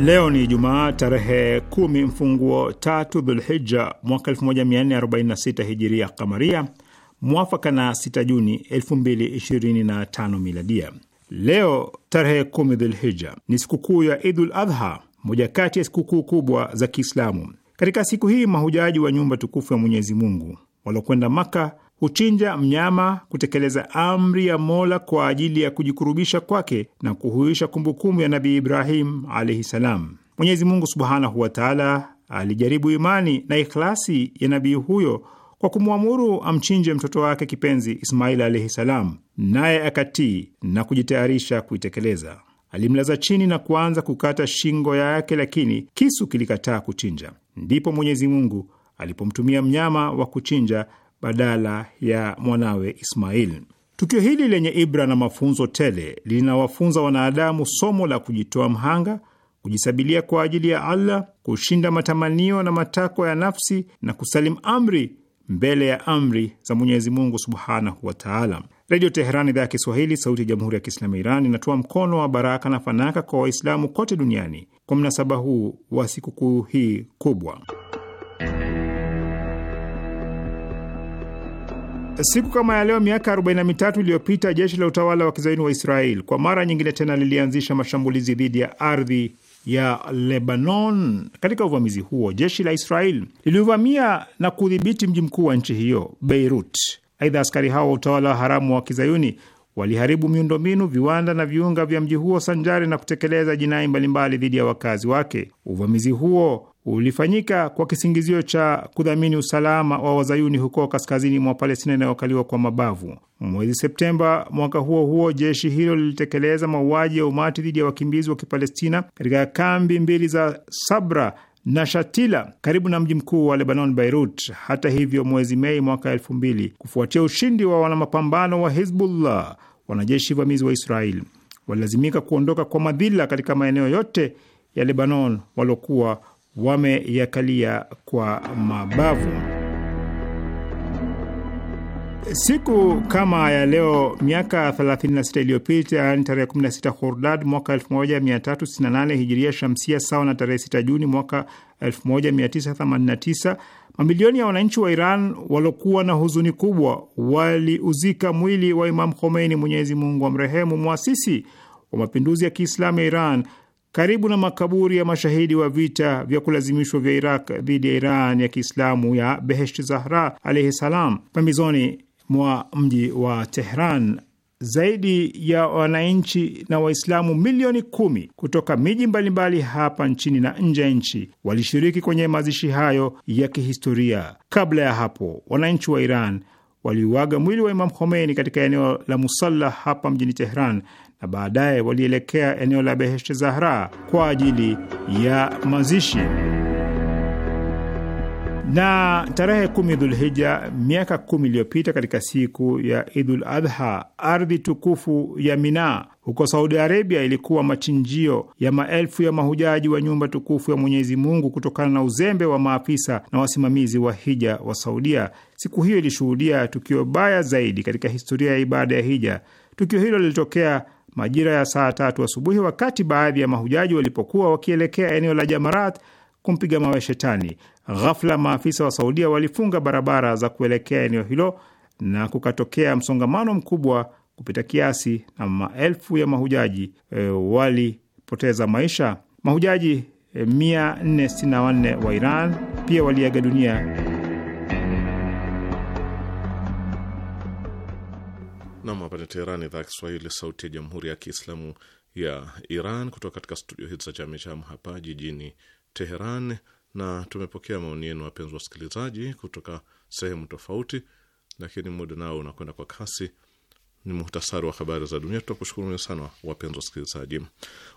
Leo ni Jumaa tarehe kumi mfunguo tatu Dhulhija mwaka 1446 hijiria kamaria, mwafaka na 6 Juni 2025 miladia. Leo tarehe kumi Dhulhija ni sikukuu ya Idul Adha, moja kati ya sikukuu kubwa za Kiislamu. Katika siku hii mahujaji wa nyumba tukufu ya Mwenyezi Mungu waliokwenda Maka huchinja mnyama kutekeleza amri ya Mola kwa ajili ya kujikurubisha kwake na kuhuisha kumbukumbu ya Nabii Ibrahim alaihi salam. Mwenyezi Mungu subhanahu wataala alijaribu imani na ikhlasi ya nabii huyo kwa kumwamuru amchinje mtoto wake kipenzi ismaili alaihi salam, naye akatii na kujitayarisha kuitekeleza. Alimlaza chini na kuanza kukata shingo yake, lakini kisu kilikataa kuchinja. Ndipo Mwenyezi Mungu alipomtumia mnyama wa kuchinja badala ya mwanawe Ismail. Tukio hili lenye ibra na mafunzo tele linawafunza wanadamu somo la kujitoa mhanga, kujisabilia kwa ajili ya Allah, kushinda matamanio na matakwa ya nafsi na kusalim amri mbele ya amri za Mwenyezi Mungu subhanahu wa taala. Redio Teherani, idhaa ya Kiswahili, sauti ya jamhuri ya kiislamu ya Iran, inatoa mkono wa baraka na fanaka kwa Waislamu kote duniani kwa mnasaba huu wa sikukuu hii kubwa. Siku kama ya leo miaka 43 iliyopita jeshi la utawala wa kizaini wa Israel kwa mara nyingine tena lilianzisha mashambulizi dhidi ya ardhi ya Lebanon. Katika uvamizi huo, jeshi la Israel liliuvamia na kudhibiti mji mkuu wa nchi hiyo, Beirut. Aidha, askari hao wa utawala wa haramu wa kizayuni waliharibu miundombinu, viwanda na viunga vya mji huo sanjari na kutekeleza jinai mbalimbali dhidi ya wakazi wake. Uvamizi huo ulifanyika kwa kisingizio cha kudhamini usalama wa wazayuni huko kaskazini mwa Palestina inayokaliwa kwa mabavu. Mwezi Septemba mwaka huo huo, jeshi hilo lilitekeleza mauaji ya umati dhidi ya wakimbizi wa Kipalestina katika kambi mbili za Sabra na Shatila karibu na mji mkuu wa Lebanon, Beirut. Hata hivyo, mwezi Mei mwaka elfu mbili, kufuatia ushindi wa wanamapambano wa Hizbullah, wanajeshi vamizi wa israel walilazimika kuondoka kwa madhila katika maeneo yote ya Lebanon waliokuwa wameyakalia kwa mabavu. Siku kama ya leo miaka 36 iliyopita, yaani tarehe 16 Khordad mwaka 1368 hijiria shamsia, sawa na tarehe 6 Juni mwaka 1989, mamilioni ya wananchi wa Iran waliokuwa na huzuni kubwa waliuzika mwili wa Imam Khomeini, Mwenyezi Mungu wa mrehemu, mwasisi wa mapinduzi ya Kiislamu ya Iran karibu na makaburi ya mashahidi wa vita vya kulazimishwa vya Iraq dhidi ya Iran ya Kiislamu ya behesht Zahra alaihi salam, pembezoni mwa mji wa Tehran. Zaidi ya wananchi na Waislamu milioni kumi kutoka miji mbalimbali hapa nchini na nje ya nchi walishiriki kwenye mazishi hayo ya kihistoria. Kabla ya hapo, wananchi wa Iran waliuaga mwili wa Imam Khomeini katika eneo la Musalla hapa mjini Tehran na baadaye walielekea eneo la Beheshti Zahra kwa ajili ya mazishi. Na tarehe kumi Dhulhija, miaka kumi iliyopita, katika siku ya Idul Adha, ardhi tukufu ya Mina huko Saudi Arabia ilikuwa machinjio ya maelfu ya mahujaji wa nyumba tukufu ya Mwenyezi Mungu kutokana na uzembe wa maafisa na wasimamizi wa hija wa Saudia. Siku hiyo ilishuhudia tukio baya zaidi katika historia ya ibada ya hija. Tukio hilo lilitokea majira ya saa tatu asubuhi wa wakati baadhi ya mahujaji walipokuwa wakielekea eneo la Jamarat kumpiga mawe shetani. Ghafla maafisa wa Saudia walifunga barabara za kuelekea eneo hilo na kukatokea msongamano mkubwa kupita kiasi na maelfu ya mahujaji e, walipoteza maisha. Mahujaji e, 464 wa Iran pia waliaga dunia Nam, hapa ni Teherani, idhaa ya Kiswahili, sauti ya jamhuri ya kiislamu ya Iran, kutoka katika studio hizi za chamicham hapa jijini Teheran. Na tumepokea maoni yenu, wapenzi wasikilizaji, kutoka sehemu tofauti, lakini muda nao unakwenda kwa kasi ni muhtasari wa habari za dunia. Tutakushukuruni sana wapenzi wasikilizaji.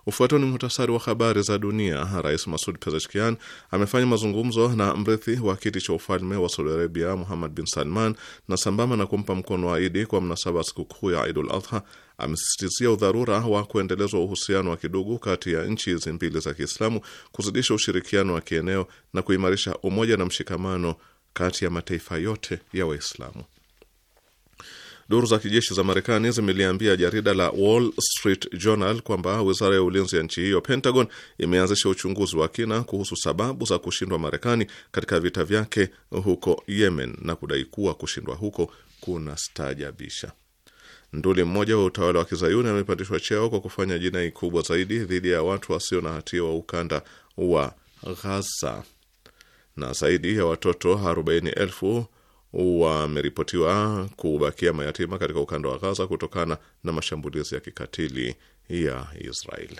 Ufuatao ni muhtasari wa habari za dunia. Rais Masud Pezeshkian amefanya mazungumzo na mrithi wa kiti cha ufalme wa Saudi Arabia, Muhammad bin Salman, na sambamba na kumpa mkono wa Idi kwa mnasaba sikukuu ya Idul Adha, amesisitizia udharura wa kuendelezwa uhusiano wa kidugu kati ya nchi hizi mbili za Kiislamu, kuzidisha ushirikiano wa kieneo na kuimarisha umoja na mshikamano kati ya mataifa yote ya Waislamu. Duru za kijeshi za Marekani zimeliambia jarida la Wall Street Journal kwamba wizara ya ulinzi ya nchi hiyo, Pentagon, imeanzisha uchunguzi wa kina kuhusu sababu za kushindwa Marekani katika vita vyake huko Yemen na kudai kuwa kushindwa huko kuna stajabisha Nduli mmoja wa utawala wa kizayuni amepandishwa cheo kwa kufanya jinai kubwa zaidi dhidi ya watu wasio na hatia wa ukanda wa Ghaza, na zaidi ya watoto elfu wameripotiwa kubakia mayatima katika ukanda wa Gaza kutokana na mashambulizi ya kikatili ya Israeli